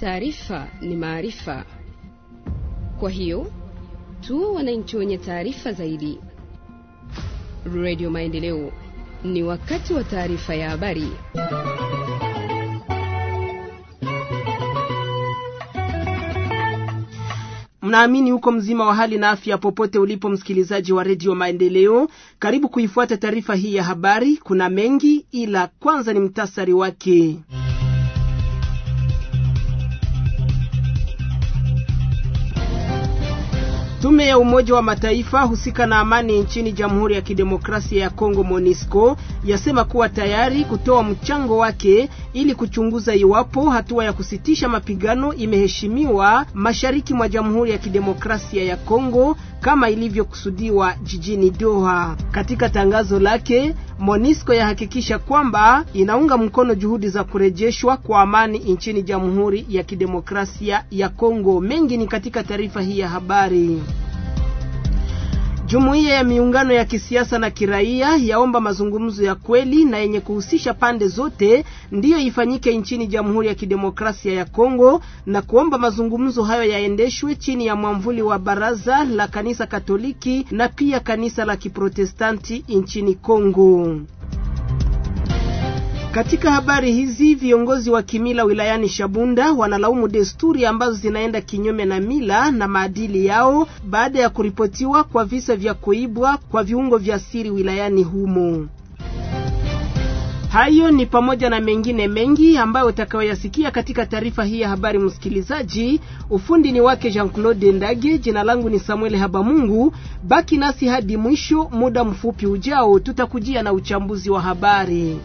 Taarifa ni maarifa, kwa hiyo tu wananchi wenye taarifa zaidi. redio Maendeleo, ni wakati wa taarifa ya habari. Mnaamini huko mzima wa hali na afya popote ulipo, msikilizaji wa redio Maendeleo, karibu kuifuata taarifa hii ya habari. Kuna mengi, ila kwanza ni mtasari wake. Tume ya Umoja wa Mataifa husika na amani nchini Jamhuri ya Kidemokrasia ya Kongo MONUSCO yasema kuwa tayari kutoa mchango wake ili kuchunguza iwapo hatua ya kusitisha mapigano imeheshimiwa mashariki mwa Jamhuri ya Kidemokrasia ya Kongo kama ilivyokusudiwa jijini Doha. Katika tangazo lake, monisco yahakikisha kwamba inaunga mkono juhudi za kurejeshwa kwa amani nchini Jamhuri ya Kidemokrasia ya Kongo. Mengi ni katika taarifa hii ya habari. Jumuiya ya miungano ya kisiasa na kiraia yaomba mazungumzo ya kweli na yenye kuhusisha pande zote ndiyo ifanyike nchini Jamhuri ya Kidemokrasia ya Kongo na kuomba mazungumzo hayo yaendeshwe chini ya mwamvuli wa Baraza la Kanisa Katoliki na pia Kanisa la Kiprotestanti nchini Kongo. Katika habari hizi viongozi wa kimila wilayani Shabunda wanalaumu desturi ambazo zinaenda kinyume na mila na maadili yao baada ya kuripotiwa kwa visa vya kuibwa kwa viungo vya siri wilayani humo. Hayo ni pamoja na mengine mengi ambayo utakayoyasikia katika taarifa hii ya habari. Msikilizaji, ufundi ni wake Jean-Claude Ndage, jina langu ni Samuel Habamungu. Baki nasi hadi mwisho, muda mfupi ujao tutakujia na uchambuzi wa habari.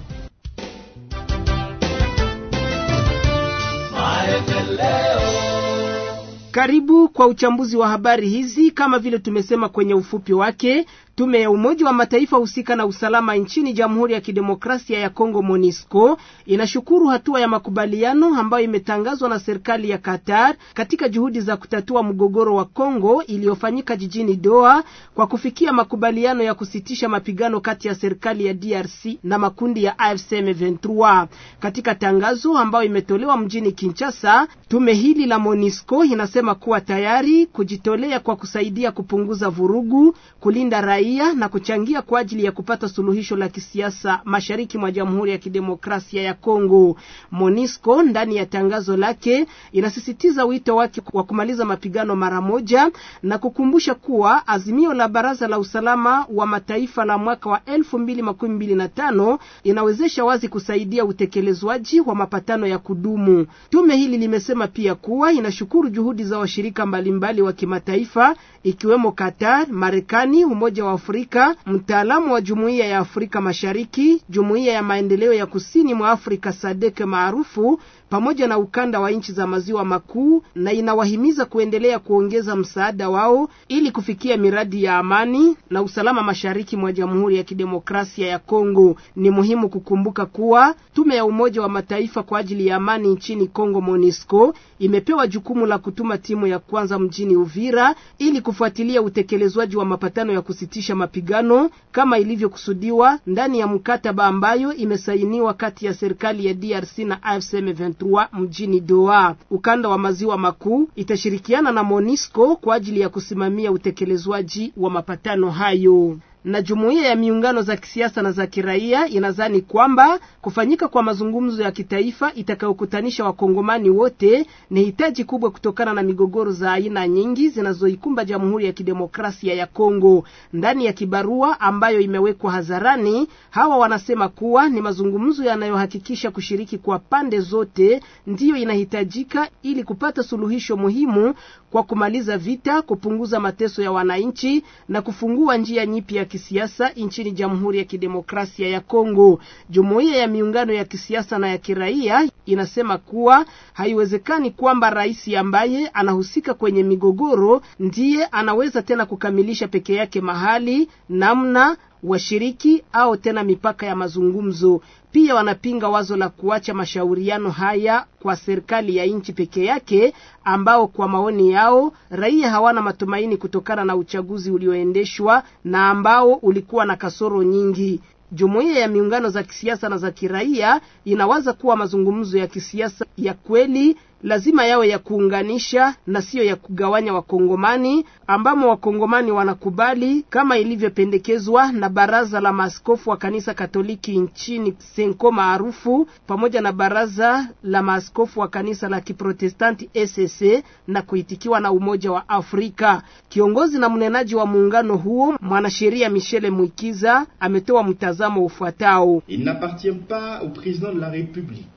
Karibu kwa uchambuzi wa habari hizi. Kama vile tumesema kwenye ufupi wake, Tume ya Umoja wa Mataifa husika na usalama nchini Jamhuri ya Kidemokrasia ya Kongo, MONUSCO, inashukuru hatua ya makubaliano ambayo imetangazwa na serikali ya Qatar katika juhudi za kutatua mgogoro wa Kongo iliyofanyika jijini Doha kwa kufikia makubaliano ya kusitisha mapigano kati ya serikali ya DRC na makundi ya AFC M23. Katika tangazo ambayo imetolewa mjini Kinshasa, tume hili la MONUSCO inasema kuwa tayari kujitolea kwa kusaidia kupunguza vurugu, kulinda raia raia na kuchangia kwa ajili ya kupata suluhisho la kisiasa mashariki mwa Jamhuri ya Kidemokrasia ya Kongo. Monisco ndani ya tangazo lake inasisitiza wito wake wa kumaliza mapigano mara moja na kukumbusha kuwa azimio la Baraza la Usalama wa Mataifa la mwaka wa 2025 inawezesha wazi kusaidia utekelezwaji wa mapatano ya kudumu. Tume hili limesema pia kuwa inashukuru juhudi za washirika mbalimbali wa kimataifa ikiwemo Qatar, Marekani, Umoja wa Afrika, mtaalamu wa Jumuiya ya Afrika Mashariki, Jumuiya ya Maendeleo ya Kusini mwa Afrika SADC maarufu pamoja na ukanda wa nchi za maziwa makuu na inawahimiza kuendelea kuongeza msaada wao ili kufikia miradi ya amani na usalama mashariki mwa Jamhuri ya Kidemokrasia ya Kongo. Ni muhimu kukumbuka kuwa tume ya Umoja wa Mataifa kwa ajili ya amani nchini Kongo MONUSCO imepewa jukumu la kutuma timu ya kwanza mjini Uvira ili kufuatilia utekelezwaji wa mapatano ya kusitisha mapigano kama ilivyokusudiwa ndani ya mkataba ambayo imesainiwa kati ya serikali ya DRC na AFC M23 m mjini Doha. Ukanda wa maziwa makuu itashirikiana na monisco kwa ajili ya kusimamia utekelezwaji wa mapatano hayo na jumuiya ya miungano za kisiasa na za kiraia inadhani kwamba kufanyika kwa mazungumzo ya kitaifa itakayokutanisha wakongomani wote ni hitaji kubwa kutokana na migogoro za aina nyingi zinazoikumba Jamhuri ya Kidemokrasia ya Kongo. Ndani ya kibarua ambayo imewekwa hadharani, hawa wanasema kuwa ni mazungumzo yanayohakikisha kushiriki kwa pande zote ndiyo inahitajika ili kupata suluhisho muhimu kwa kumaliza vita, kupunguza mateso ya wananchi na kufungua njia nyipya kisiasa nchini Jamhuri ya Kidemokrasia ya Kongo. Jumuiya ya miungano ya kisiasa na ya kiraia inasema kuwa haiwezekani kwamba rais ambaye anahusika kwenye migogoro ndiye anaweza tena kukamilisha peke yake mahali namna washiriki au tena mipaka ya mazungumzo. Pia wanapinga wazo la kuacha mashauriano haya kwa serikali ya nchi peke yake, ambao kwa maoni yao raia hawana matumaini kutokana na uchaguzi ulioendeshwa na ambao ulikuwa na kasoro nyingi. Jumuiya ya miungano za kisiasa na za kiraia inawaza kuwa mazungumzo ya kisiasa ya kweli lazima yawe ya kuunganisha na siyo ya kugawanya Wakongomani, ambamo Wakongomani wanakubali kama ilivyopendekezwa na baraza la maaskofu wa kanisa Katoliki nchini Senko maarufu pamoja na baraza la maaskofu wa kanisa la Kiprotestanti SSA na kuitikiwa na Umoja wa Afrika. Kiongozi na mnenaji wa muungano huo mwanasheria Michele Mwikiza ametoa mtazamo ufuatao: Il n'appartient pas au président de la République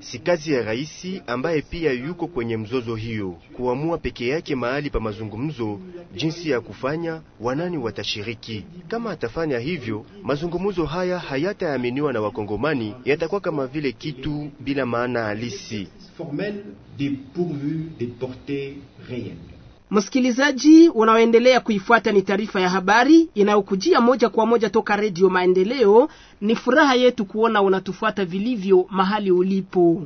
Si kazi ya raisi ambaye pia yuko kwenye mzozo hiyo kuamua peke yake mahali pa mazungumzo jinsi ya kufanya, wanani watashiriki. Kama atafanya hivyo, mazungumzo haya hayataaminiwa na Wakongomani, yatakuwa kama vile kitu bila maana halisi. Msikilizaji, unaoendelea kuifuata ni taarifa ya habari inayokujia moja kwa moja toka Redio Maendeleo. Ni furaha yetu kuona unatufuata vilivyo mahali ulipo.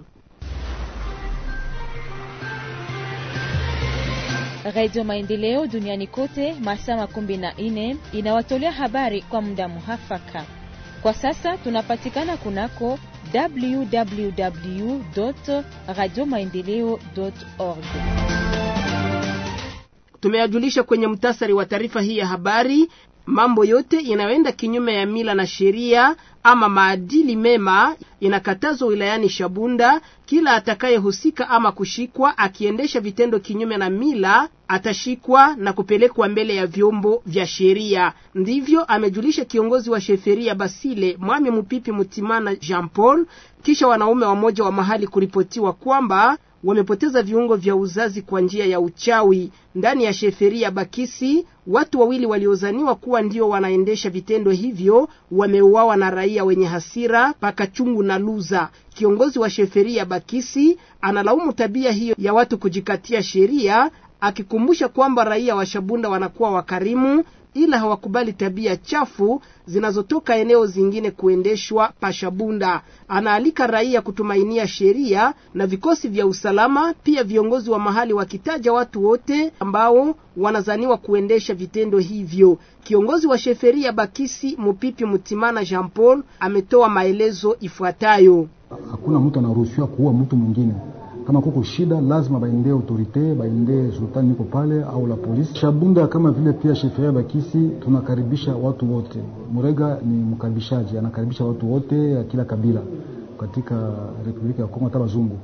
Redio Maendeleo duniani kote masaa makumi na nne inawatolea habari kwa muda muhafaka. Kwa sasa tunapatikana kunako www radio maendeleo org tumeyajulisha kwenye mtasari wa taarifa hii ya habari mambo yote yanayoenda kinyume ya mila na sheria ama maadili mema inakatazwa wilayani Shabunda. Kila atakayehusika ama kushikwa akiendesha vitendo kinyume na mila atashikwa na kupelekwa mbele ya vyombo vya sheria. Ndivyo amejulisha kiongozi wa sheferia Basile Mwami Mupipi Mutimana Jean Paul. Kisha wanaume wamoja wa mahali kuripotiwa kwamba wamepoteza viungo vya uzazi kwa njia ya uchawi. Ndani ya sheferia Bakisi, watu wawili waliozaniwa kuwa ndio wanaendesha vitendo hivyo wameuawa na raia wenye hasira chungu na Luza. Kiongozi wa sheferia Bakisi analaumu tabia hiyo ya watu kujikatia sheria, akikumbusha kwamba raia wa Shabunda wanakuwa wakarimu ila hawakubali tabia chafu zinazotoka eneo zingine kuendeshwa Pashabunda. Anaalika raia kutumainia sheria na vikosi vya usalama, pia viongozi wa mahali wakitaja watu wote ambao wanazaniwa kuendesha vitendo hivyo. Kiongozi wa sheferia Bakisi Mupipi Mutimana Jean Paul ametoa maelezo ifuatayo: hakuna mtu anaruhusiwa kuua mtu mwingine kama kuko shida, lazima baende autorite, baende sultani, niko pale au la polisi Shabunda. Kama vile pia shefia Bakisi, tunakaribisha watu wote. Murega ni mkaribishaji, anakaribisha watu wote ya kila kabila katika Republika ya Kongo, hata bazungu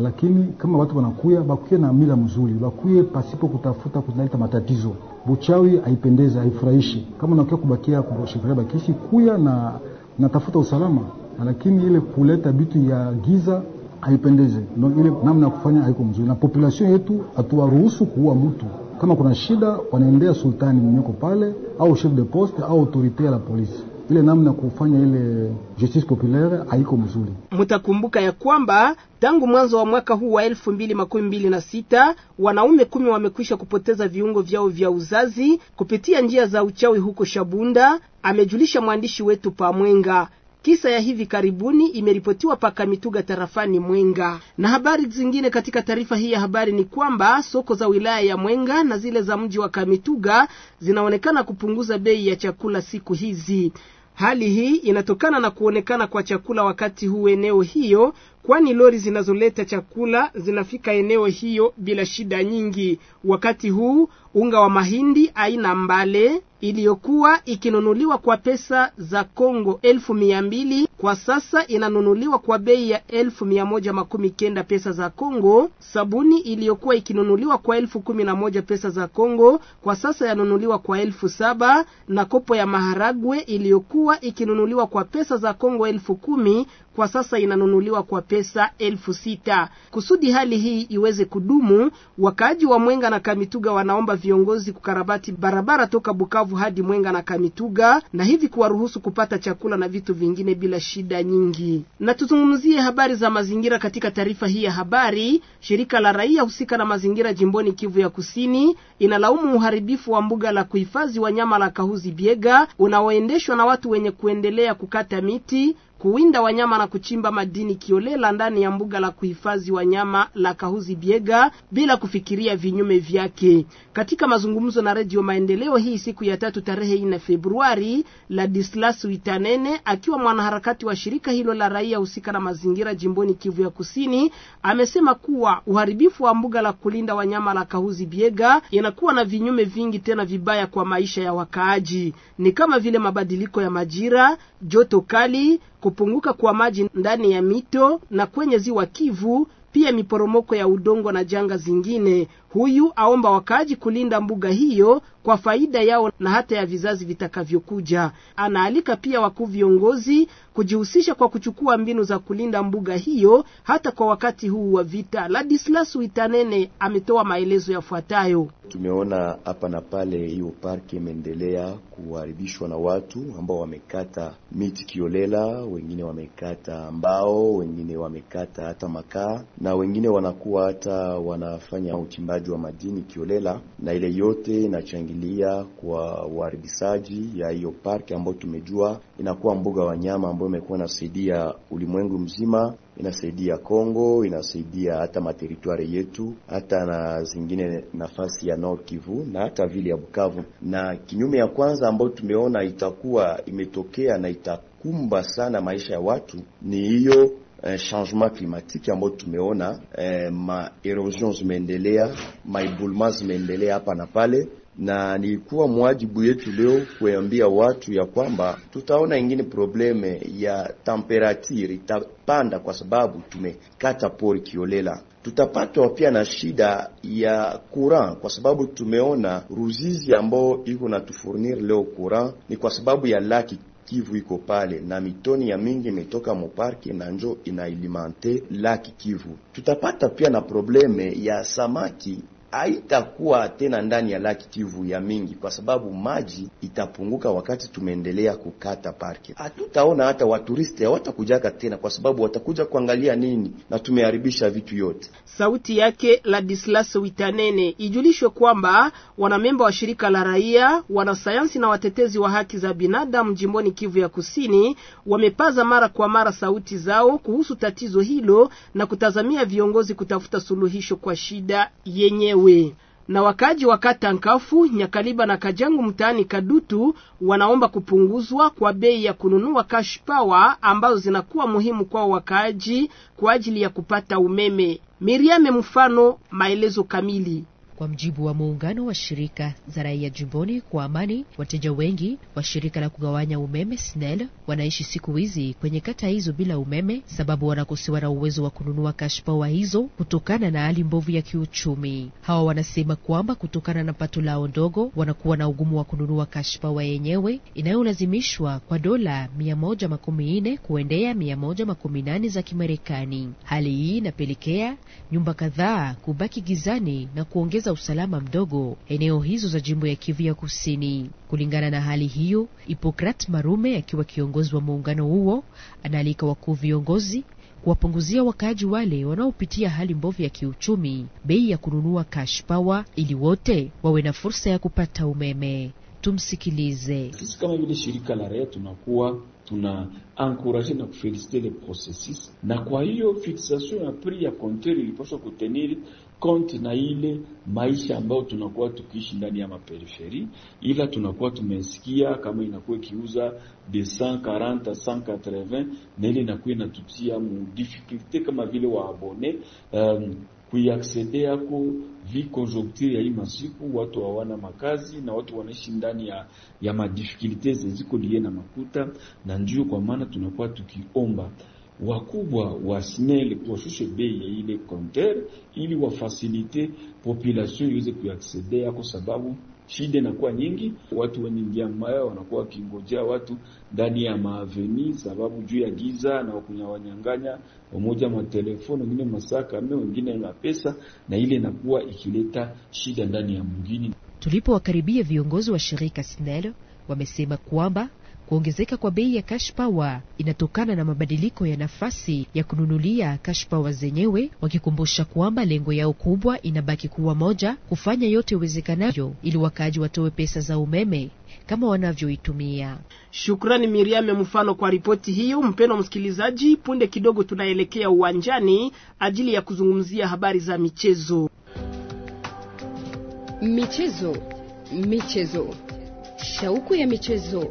lakini kama watu wanakuya bakuye na mila mzuri, bakuye pasipo kutafuta kunaleta matatizo. Buchawi haipendezi, haifurahishi. Kama unakia kubakia kushikilia Bakisi, kuya na natafuta usalama, lakini ile kuleta bitu ya giza haipendezi. Ndio ile namna ya kufanya haiko mzuri, na population yetu hatuwaruhusu kuua mtu. Kama kuna shida, wanaendea sultani mnyoko pale au chef de poste au autorite ya la polisi ile namna kufanya ile justice populaire haiko mzuri. Mtakumbuka ya kwamba tangu mwanzo wa mwaka huu wa elfu mbili makumi mbili na sita wanaume kumi wamekwisha kupoteza viungo vyao vya uzazi kupitia njia za uchawi huko Shabunda, amejulisha mwandishi wetu Pamwenga. Kisa ya hivi karibuni imeripotiwa paka Mituga tarafani Mwenga. Na habari zingine katika taarifa hii ya habari ni kwamba soko za wilaya ya Mwenga na zile za mji wa Kamituga zinaonekana kupunguza bei ya chakula siku hizi. Hali hii inatokana na kuonekana kwa chakula wakati huu eneo hiyo kwani lori zinazoleta chakula zinafika eneo hiyo bila shida nyingi. Wakati huu unga wa mahindi aina mbale iliyokuwa ikinunuliwa kwa pesa za Kongo elfu mia mbili kwa sasa inanunuliwa kwa bei ya elfu mia moja makumi kenda pesa za Kongo. Sabuni iliyokuwa ikinunuliwa kwa elfu kumi na moja pesa za Kongo kwa sasa yanunuliwa kwa elfu saba na kopo ya maharagwe iliyokuwa ikinunuliwa kwa pesa za Kongo elfu kumi kwa sasa inanunuliwa kwa pesa elfu sita. Kusudi hali hii iweze kudumu, wakaaji wa Mwenga na Kamituga wanaomba viongozi kukarabati barabara toka Bukavu hadi Mwenga na Kamituga, na hivi kuwaruhusu kupata chakula na vitu vingine bila shida nyingi. Na tuzungumzie habari za mazingira katika taarifa hii ya habari. Shirika la raia husika na mazingira jimboni Kivu ya Kusini inalaumu uharibifu wa mbuga la kuhifadhi wanyama la Kahuzi Biega unaoendeshwa na watu wenye kuendelea kukata miti kuwinda wanyama na kuchimba madini kiolela ndani ya mbuga la kuhifadhi wanyama la Kahuzi Biega bila kufikiria vinyume vyake. Katika mazungumzo na Redio Maendeleo hii siku ya tatu tarehe ine Februari, Ladislas Witanene akiwa mwanaharakati wa shirika hilo la raia husika na mazingira jimboni Kivu ya Kusini amesema kuwa uharibifu wa mbuga la kulinda wanyama la Kahuzi Biega inakuwa na vinyume vingi tena vibaya kwa maisha ya wakaaji, ni kama vile mabadiliko ya majira, joto kali kupunguka kwa maji ndani ya mito na kwenye ziwa Kivu, pia miporomoko ya udongo na janga zingine. Huyu aomba wakaaji kulinda mbuga hiyo kwa faida yao na hata ya vizazi vitakavyokuja. Anaalika pia wakuu viongozi kujihusisha kwa kuchukua mbinu za kulinda mbuga hiyo hata kwa wakati huu wa vita. Ladislas Witanene ametoa maelezo yafuatayo. Tumeona hapa na pale hiyo parki imeendelea kuharibishwa na watu ambao wamekata miti kiolela, wengine wamekata mbao, wengine wamekata hata makaa, na wengine wanakuwa hata wanafanya uchimbaji wa madini kiolela, na ile yote inachangia kuingilia kwa uharibisaji ya hiyo park ambayo tumejua inakuwa mbuga wanyama ambayo imekuwa inasaidia ulimwengu mzima, inasaidia Kongo, inasaidia hata materitware yetu, hata na zingine nafasi ya Nord Kivu na hata vile ya Bukavu. Na kinyume ya kwanza ambayo tumeona itakuwa imetokea na itakumba sana maisha ya watu ni hiyo Uh, changement climatique ambayo tumeona uh, ma erosion zimeendelea, maibulma zimeendelea hapa na pale, na nilikuwa mwajibu yetu leo kuambia watu ya kwamba tutaona ingine probleme ya temperature itapanda, kwa sababu tumekata pori kiolela. Tutapatwa pia na shida ya courant, kwa sababu tumeona Ruzizi ambao iko na tufurnir leo courant ni kwa sababu ya laki Kivu iko pale na mitoni ya mingi imetoka moparke na njo inailimante laki Kivu. Tutapata pia na probleme ya samaki haitakuwa tena ndani ya laki Kivu ya mingi, kwa sababu maji itapunguka. Wakati tumeendelea kukata parke, hatutaona hata waturisti hawatakujaka tena, kwa sababu watakuja kuangalia nini, na tumeharibisha vitu yote. Sauti yake Ladislas Witanene. Ijulishwe kwamba wanamemba wa shirika la raia, wanasayansi na watetezi wa haki za binadamu jimboni Kivu ya Kusini wamepaza mara kwa mara sauti zao kuhusu tatizo hilo na kutazamia viongozi kutafuta suluhisho kwa shida yenyewe wenyewe na wakaji wa kata Nkafu, Nyakaliba na Kajangu mtaani Kadutu wanaomba kupunguzwa kwa bei ya kununua cash power ambazo zinakuwa muhimu kwa wakaaji kwa ajili ya kupata umeme. Miriame mfano maelezo kamili kwa mjibu wa muungano wa shirika za raia jimboni kwa amani, wateja wengi wa shirika la kugawanya umeme SNEL wanaishi siku hizi kwenye kata hizo bila umeme, sababu wanakosewa na uwezo wa kununua kashpawa hizo kutokana na hali mbovu ya kiuchumi. Hawa wanasema kwamba kutokana na pato lao ndogo wanakuwa na ugumu wa kununua kashpawa yenyewe inayolazimishwa kwa dola 114 kuendea 118 za Kimarekani. Hali hii inapelekea nyumba kadhaa kubaki gizani na kuongeza za usalama mdogo eneo hizo za jimbo ya Kivu ya Kusini. Kulingana na hali hiyo, Hipokrat Marume akiwa kiongozi wa muungano huo anaalika wakuu viongozi kuwapunguzia wakaaji wale wanaopitia hali mbovu ya kiuchumi bei ya kununua cash power ili wote wawe na fursa ya kupata umeme. Tumsikilize. Sisi kama vile shirika la raia tunakuwa tuna ankuraje na kufelisite le processus, na kwa hiyo fixation ya prix ya konter ilipaswa kuteniri konti na ile maisha ambayo tunakuwa tukiishi ndani ya maperiferi, ila tunakuwa tumesikia kama inakuwa ikiuza de 140 180 na ile inakuwa inatutia mu difficulty kama vile abone um, kuiaksede yako vi conjoncture ya hii masiku, watu hawana makazi na watu wanaishi ndani ya, ya madifikulte zeziko liye na makuta, na ndio kwa maana tunakuwa tukiomba wakubwa wa SNEL washushe bei ya ile konter ili wafasilite population iweze kuaksedea, kwa sababu shida inakuwa nyingi, watu wenye njia mbaya wanakuwa wakingojea watu ndani ya maaveni, sababu juu ya giza na wakunyawanyanganya wamoja matelefoni, wengine kame wengine na pesa na ile inakuwa ikileta shida ndani ya mwingine. Tulipowakaribia viongozi wa shirika SNEL wamesema kwamba Kuongezeka kwa bei ya cash power inatokana na mabadiliko ya nafasi ya kununulia cash power zenyewe, wakikumbusha kwamba lengo yao kubwa inabaki kuwa moja, kufanya yote iwezekanavyo ili wakaaji watoe pesa za umeme kama wanavyoitumia. Shukrani Miriam Mfano kwa ripoti hiyo. Mpendwa msikilizaji, punde kidogo tunaelekea uwanjani ajili ya kuzungumzia habari za michezo. Michezo, michezo, shauku ya michezo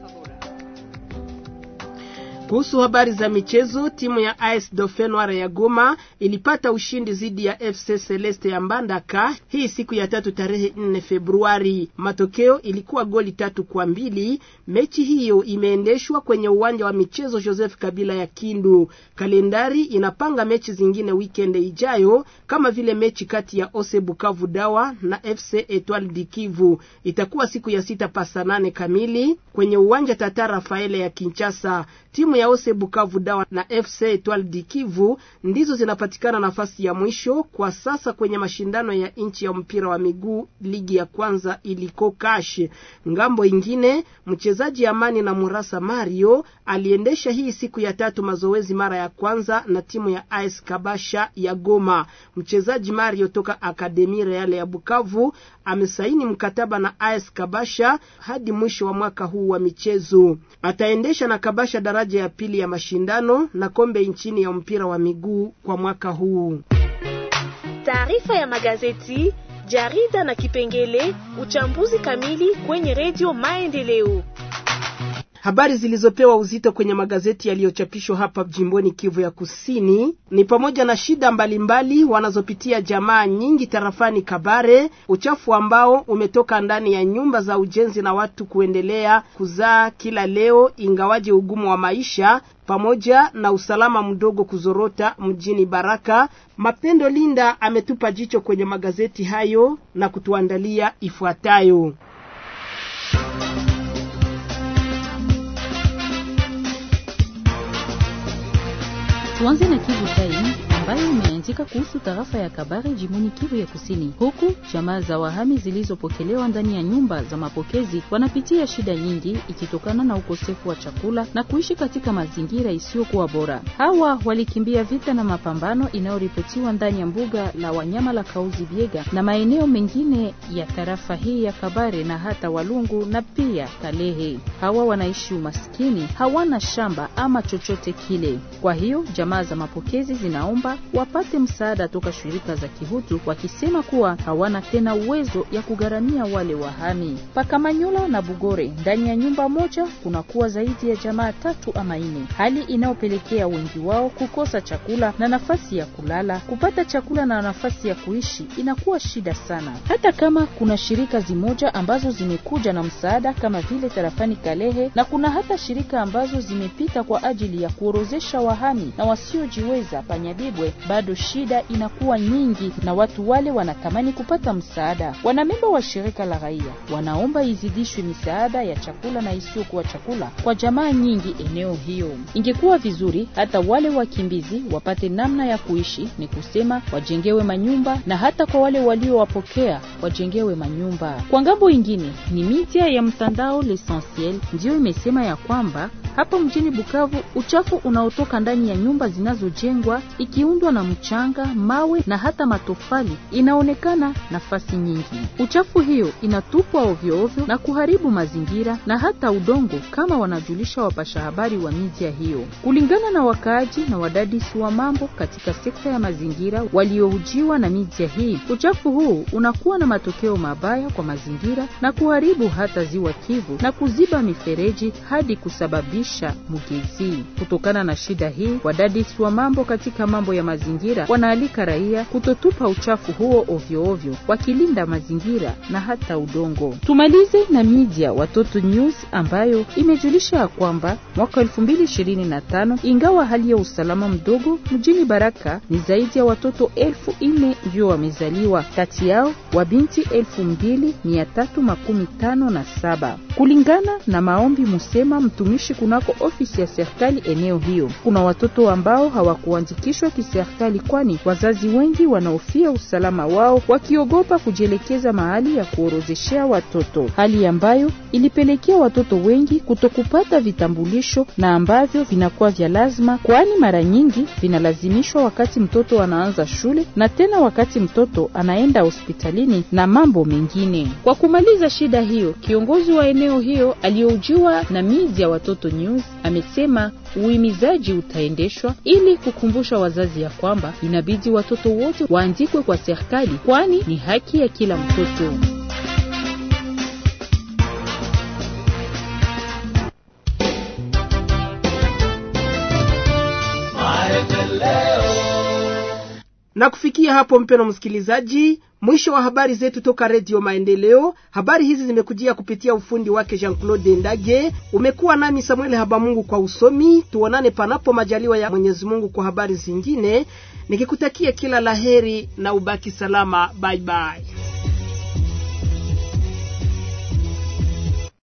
Kuhusu habari za michezo, timu ya AS Dauphin ya Goma ilipata ushindi dhidi ya FC Celeste ya Mbandaka hii siku ya tatu tarehe 4 Februari. Matokeo ilikuwa goli tatu kwa mbili. Mechi hiyo imeendeshwa kwenye uwanja wa michezo Joseph Kabila ya Kindu. Kalendari inapanga mechi zingine weekend ijayo kama vile mechi kati ya Ose Bukavu Dawa na FC Etoile du Kivu. Itakuwa siku ya sita pasa nane kamili kwenye uwanja Tata Rafaele ya Kinshasa. Timu ya Ose Bukavu Dawa na FC Etoile du Kivu ndizo zinapatikana nafasi ya mwisho kwa sasa kwenye mashindano ya nchi ya mpira wa miguu ligi ya kwanza iliko kash. Ngambo ingine, mchezaji Amani na Murasa Mario aliendesha hii siku ya tatu mazoezi mara ya kwanza na timu ya AS Kabasha ya Goma. Mchezaji Mario toka Akademi Real ya Bukavu amesaini mkataba na AS Kabasha hadi mwisho wa mwaka huu wa michezo. Ataendesha na Kabasha daraja ya pili ya mashindano na kombe nchini ya mpira wa miguu kwa mwaka huu. Taarifa ya magazeti, jarida na kipengele uchambuzi kamili kwenye redio Maendeleo. Habari zilizopewa uzito kwenye magazeti yaliyochapishwa hapa jimboni Kivu ya Kusini ni pamoja na shida mbalimbali mbali wanazopitia jamaa nyingi tarafani Kabare, uchafu ambao umetoka ndani ya nyumba za ujenzi na watu kuendelea kuzaa kila leo, ingawaje ugumu wa maisha pamoja na usalama mdogo kuzorota mjini Baraka. Mapendo Linda ametupa jicho kwenye magazeti hayo na kutuandalia ifuatayo. tuanze na Kivu Kaini ambayo imeanzika kuhusu tarafa ya Kabare jimuni Kivu ya Kusini, huku jamaa za wahami zilizopokelewa ndani ya nyumba za mapokezi wanapitia shida nyingi ikitokana na ukosefu wa chakula na kuishi katika mazingira isiyokuwa bora. Hawa walikimbia vita na mapambano inayoripotiwa ndani ya mbuga la wanyama la Kauzi Biega na maeneo mengine ya tarafa hii ya Kabare na hata Walungu na pia Kalehe. Hawa wanaishi umaskini, hawana shamba ama chochote kile. Kwa hiyo jamaa za mapokezi zinaomba kwamba wapate msaada toka shirika za kihutu, wakisema kuwa hawana tena uwezo ya kugharamia wale wahami. Pakamanyola na Bugore, ndani ya nyumba moja kunakuwa zaidi ya jamaa tatu ama nne, hali inayopelekea wengi wao kukosa chakula na nafasi ya kulala. Kupata chakula na nafasi ya kuishi inakuwa shida sana, hata kama kuna shirika zimoja ambazo zimekuja na msaada kama vile tarafani Kalehe, na kuna hata shirika ambazo zimepita kwa ajili ya kuorozesha wahami na wasiojiweza Panyabibu Zimbabwe bado shida inakuwa nyingi na watu wale wanatamani kupata msaada. Wanamemba wa shirika la raia wanaomba izidishwe misaada ya chakula na isiyokuwa chakula kwa jamaa nyingi eneo hiyo. Ingekuwa vizuri hata wale wakimbizi wapate namna ya kuishi, ni kusema wajengewe manyumba na hata kwa wale waliowapokea wajengewe manyumba. Kwa ngambo ingine, ni media ya mtandao L'Essentiel ndiyo imesema ya kwamba hapa mjini Bukavu uchafu unaotoka ndani ya nyumba zinazojengwa iki imeundwa na mchanga, mawe na hata matofali, inaonekana nafasi nyingi. Uchafu hiyo inatupwa ovyoovyo na kuharibu mazingira na hata udongo, kama wanajulisha wapasha habari wa midia hiyo. Kulingana na wakaaji na wadadisi wa mambo katika sekta ya mazingira waliohujiwa na midia hii, uchafu huu unakuwa na matokeo mabaya kwa mazingira na kuharibu hata ziwa Kivu na kuziba mifereji hadi kusababisha mugezi. Kutokana na shida hii, wadadisi wa mambo katika mambo ya ya mazingira wanaalika raia kutotupa uchafu huo ovyoovyo, wakilinda mazingira na hata udongo. Tumalize na media Watoto News ambayo imejulisha ya kwamba mwaka 2025 ingawa hali ya usalama mdogo mjini Baraka, ni zaidi ya watoto elfu nne ndio wamezaliwa, kati yao wabinti binti mbili kulingana na maombi musema mtumishi kunako ofisi ya serikali eneo hiyo. Kuna watoto ambao hawakuandikishwa serikali, kwani wazazi wengi wanaofia usalama wao wakiogopa kujielekeza mahali ya kuorozeshea watoto, hali ambayo ilipelekea watoto wengi kutokupata vitambulisho na ambavyo vinakuwa vya lazima, kwani mara nyingi vinalazimishwa wakati mtoto anaanza shule na tena wakati mtoto anaenda hospitalini na mambo mengine. Kwa kumaliza shida hiyo, kiongozi wa eneo hiyo aliyoujiwa na Media Watoto News amesema uhimizaji utaendeshwa ili kukumbusha wazazi ya kwamba inabidi watoto wote waandikwe kwa serikali, kwani ni haki ya kila mtoto. Na kufikia hapo, mpeno msikilizaji, mwisho wa habari zetu toka Redio Maendeleo. Habari hizi zimekujia kupitia ufundi wake Jean-Claude Ndage. Umekuwa nami Samuel Habamungu kwa usomi. Tuonane panapo majaliwa ya Mwenyezi Mungu kwa habari zingine, nikikutakia kila laheri na ubaki salama. Bye bye.